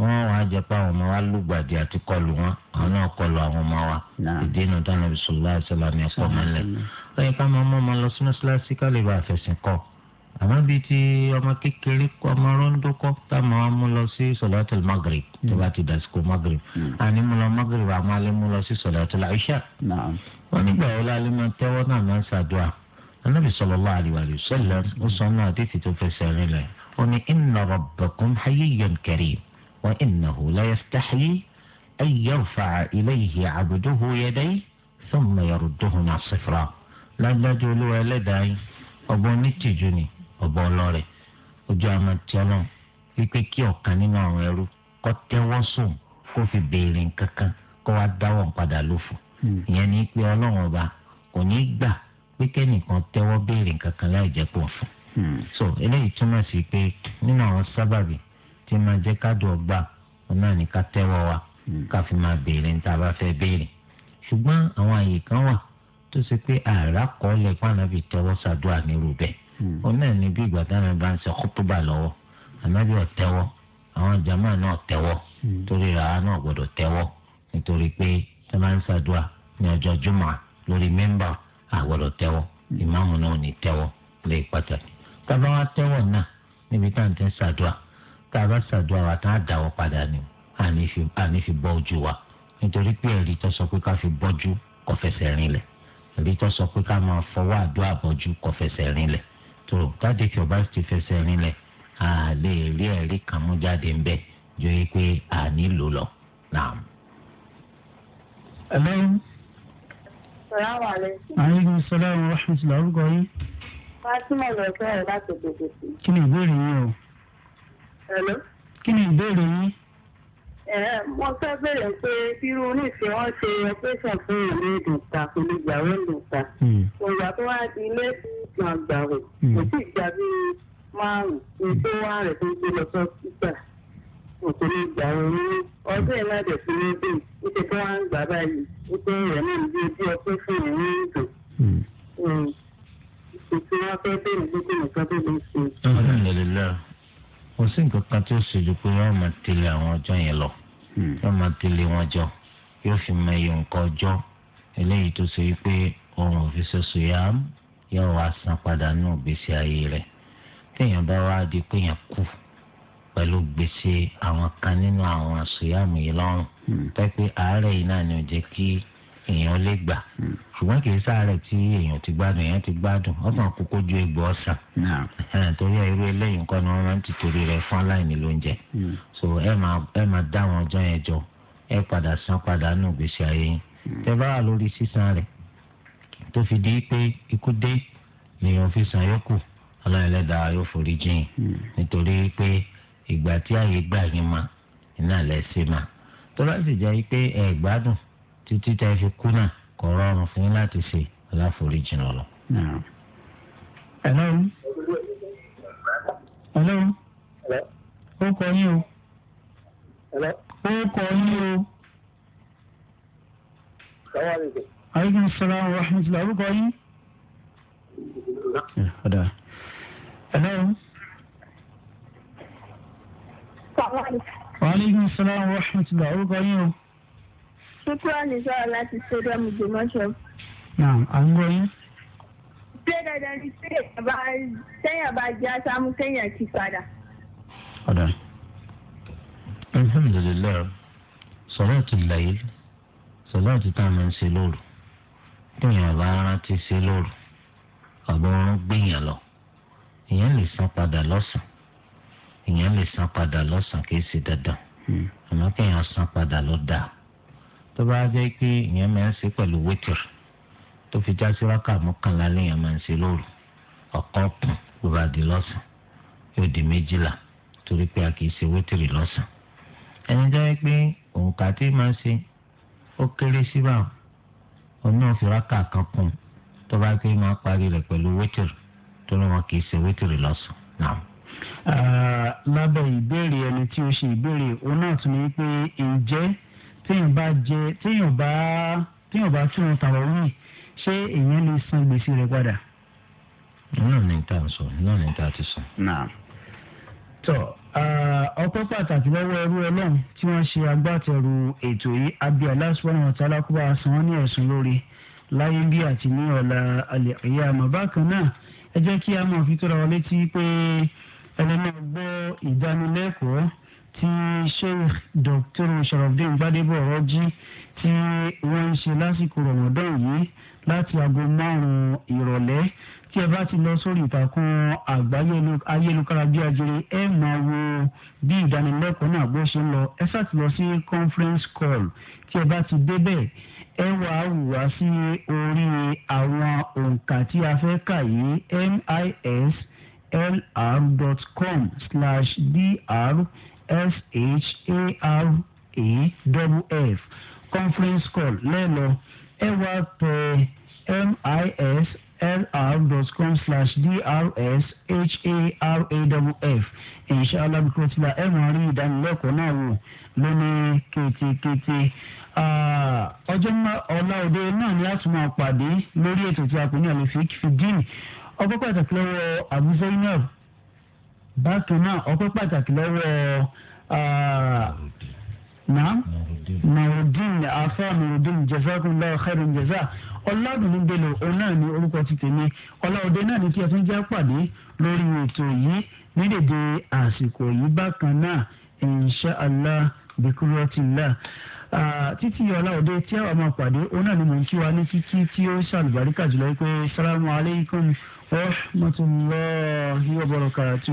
wọ́n wàá jẹ pé àwọn ọmọ wa lùgbàdì àti kọlù wọn àwọn náà kọlù àwọn ọmọ wa ìdènà tánà bisalòlá àṣàlàmì ẹ̀kọ́ mọ́lẹ̀ lẹ́yìn ká máa mọ́ ọmọ lọ sí mọ́ṣáláṣí ká lè bá àfẹ̀sìn kọ́ àmọ́ bíi ti ọmọ kékeré kọ́ ọmọ rọ́ńdó kọ́ tá a máa mú lọ sí sọ̀látùl magrib tó bá ti dàsìkò magrib àní hmm. mú lọ magrib àmọ́ alẹ́ mú lọ sí sọ̀látùl aisha. wọ́n nígbà wo la lè máa tẹ́wọ́ náà máa ń ṣàdúrà anábì sallallahu alaihi wa sallam ó sọ náà títí tó fẹsẹ̀ rìn lẹ̀ ó ní inna rabbakum hayyun karim wa innahu la yastahyi an yarfa'a ilayhi abduhu ni. ọba ọlọ́rẹ̀ ojú àmọ́ tí ọlọ́run wípé kí ọkan nínú àwọn ẹrú kọ tẹ́wọ́ sùn kó fi béèrè kankan kó wá padà lófo hmm. ìyẹn ni pé ọlọ́run ọba kò ní gbà pé kẹ́nìkan tẹ́wọ́ béèrè kankan láì jẹ́ hmm. so eléyìí túmọ̀ sí pé nínú àwọn sábàbí tí máa jẹ́ kádùn ọgbà náà ní ká tẹ́wọ́ wa hmm. ká fi máa béèrè níta bá fẹ́ béèrè kan wà tó ṣe pé kọ́ lẹ̀ Hmm. òun náà ní bí ìgbà táwọn bá ń sọ kótóbà lọ́wọ́ ànábì ọ̀tẹ́wọ́ àwọn jama náà tẹ́wọ́ hmm. torí ràá náà gbọ́dọ̀ tẹ́wọ́ nítorí pé tó bá ń ṣàdúrà ní ọjọ́ jùmọ̀ lórí mẹ́mbà àgbọ̀dọ̀ tẹ́wọ́ ìmáàmù náà ò ní tẹ́wọ́ lé pàtàkì tábà wá tẹ́wọ̀ náà níbi tá à ń tẹ́ ṣàdúrà tábà ṣàdúrà wa tá à padà ni àní fi bọ́ ojú wa nítorí pé ẹ̀rí tó sọ pé ká fi bọ́jú kò rinlẹ̀ ẹ̀rí tó sọ pé ká máa fọwọ́ àdúrà bọ́jú kò rinlẹ̀ tó jáde kí ọba ti fẹsẹ̀ rinlẹ̀ a lè rí ẹ̀rí kan mú jáde ńbẹ̀ ju yìí pé a nílò lọ náà. ẹ̀lọ́. aleykum salaam wa rahmatulah orúkọ yín. fatima lọ fẹ́ ẹ̀ láti tètè kí ni ìbéèrè yín o. ẹ̀lọ́. kí ni ìbéèrè yín mo fẹ́ bèrè pé irú nífẹ̀ẹ́ wọn ṣe operation fún ìlú ìdùnkà kò lè gbàwé ìdùnkà ìgbà tó wá di ilé ìgbà gbàwé hmm. kò sì gbà bí márùn-ún ní tó wá rẹ̀ tó gbé lọ sọ́kítà kò lè gbàwé ní ọdún ẹ̀ láti ẹ̀sìn ní bẹ́ẹ̀ níṣẹ́ tó wá ń gbà báyìí wípé rẹ̀ náà ń bí ojú ọpẹ́ fún ìlú ìdùn ìṣètò wọn fẹ́ bèrè gbogbo kò sí nǹkan kan tó ṣe ju pé wọn máa tẹ̀lé àwọn ọjọ́ yẹn lọ yóò hmm. máa tẹ̀lé wọn jọ yóò fi máa yọ nǹkan jọ eléyìí tó ṣe pé òun ò fi ṣoṣo yá yóò wá san padà nínú ìgbésí ayé rẹ̀ téèyàn bá wá di pé yẹn kú pẹ̀lú gbèsè àwọn kan nínú àwọn àṣùyàmù yìí lọ́rùn hmm. tẹ́ pé àárẹ̀ yìí náà ni ò jẹ́ kí èèyàn lè gbà hmm. ṣùgbọ́n kì í sáré tí èèyàn ti gbádùn èèyàn ti gbádùn ọkàn kókó ju egbò ọ̀sán torí irú eléyìí nǹkan ni wọ́n máa ń torí rẹ̀ fún aláìní lóúnjẹ hmm. so ẹ máa dá àwọn ọjọ́ yẹn jọ ẹ padà san padà nù gbèsè ayé yín hmm. tẹ bá wà lórí sísan rẹ̀ tó fi pé ikú dé fi san yókù yóò forí jìn nítorí pé títí tá a fi kú náà kò rọrùn fún yín láti ṣe aláforíjì náà lọ. hello hello ó kọ yín o ó kọ yín o. aleykum salaam wa rahmatulah orúkọ yín. hello. wa salaam wa rahmatulah orúkọ yín o. Súpúrọ̀ ní sọ̀rọ̀ láti stadium Ìgbìmọ̀ṣọ́. À ń gbọ́ yín. Ṣé dandan ni téèyàn bá jẹ́ aṣáámú kéèyàn ti padà? Ọ̀dà. Alhamdulilayi, sọ̀láàtì láyé, sọ̀láàtì tá a máa ń ṣe lóru, téèyàn bá rántí ṣe lóru, àbọ̀rún gbìyàn lọ, ìyẹn lè san padà lọ́sàn-án, ìyẹn lè san padà lọ́sàn-án kì í ṣe dandan, hmm. àmọ́ kéèyàn san padà ló dáa tó bá jẹ́ pé ìyẹn máa ń ṣe pẹ̀lú wítìrì tó fi já sí rákà mọ́kànlá lèèyàn máa ń ṣe lóru ọ̀kan kùn ló bá di lọ́sàn yóò di méjìlá torí pé a kì í ṣe wítìrì lọ́sàn. ẹni jẹ́ pé òǹkà tí máa ń ṣe ó kéré síbà òun náà fi rákà kan kùn tó bá pé máa parí rẹ̀ pẹ̀lú wítìrì torí wọn kì í ṣe wítìrì lọ́sàn náà lábẹ́ ìbéèrè ẹni tí ó ṣe ìbéèrè téèyàn bá jẹ téèyàn bá téèyàn bá tún tàwọn wí ṣé èèyàn lè san gbèsè rẹ̀ padà. náà ní ta sọ náà ní ta ti sọ. tọ ọpẹ́ pàtàkì lọ́wọ́ ẹrú Ọlọ́run tí wọ́n ṣe agbátẹrù ètò yìí abiy aláṣọwọn ọtá alákùbá san wọn ní ẹ̀sùn lórí láyé bí àti ní ọ̀la alẹ́ ìyá àmọ́ bákan náà ẹ jẹ́ kí a mọ̀ fi tóra wa létí pé ẹlẹ́nu gbọ́ ìdánilẹ́kọ̀ọ́ tí sheikh dr sharafdin gbadebo ọrọjí tí wọ́n ń ṣe lásìkò rọmọdán yìí láti aago márùn-ún ìrọ̀lẹ́ tí ẹ bá ti lọ sórí ìtàkùn àgbáyé ayélujára bí ajere ẹ máa wo bí ìdánilẹ́kọ̀ọ́ náà bó ṣe ń lọ ẹ sá ti lọ sí conference call tí ẹ bá ti débẹ̀ ẹ wà á wù wá sí orí àwọn òǹkà tí a fẹ́ kà yìí mislr.com slash dr s h a r e w f conference call lẹ́lọ ẹ wá dot com slash D S H A W F. inshallah bí kò tilẹ̀ ẹ máa rí ìdánilẹ́kọ̀ọ́ náà wò lónìí kétékété ọjọ́ ọ̀la òde náà ni a tún máa pàdé lórí ètò tí a pè ní àlefik fìdíìnì ọgbọ́n pàtàkì lọ́wọ́ abu zainab bákan náà ọpẹ́ pàtàkì lọ́wọ́ naam nurudin afa nurudin jazakumullahu khairan jaza ọlọ́dúnrún bello òun náà ní orúkọ ti tèmi ọlọ́ọ̀dẹ náà ní kí ẹ tún jẹ́ pàdé lórí ètò yìí ní dèdè àsìkò yìí bákan náà insha allah bikuratillah títí ọláòde tí a wà máa pàdé òun náà ni mò ń kí wa ní títí tí ó ṣàlùbáríkà jùlọ pé salamu alaykum wa rahmatulahi wa barakatu.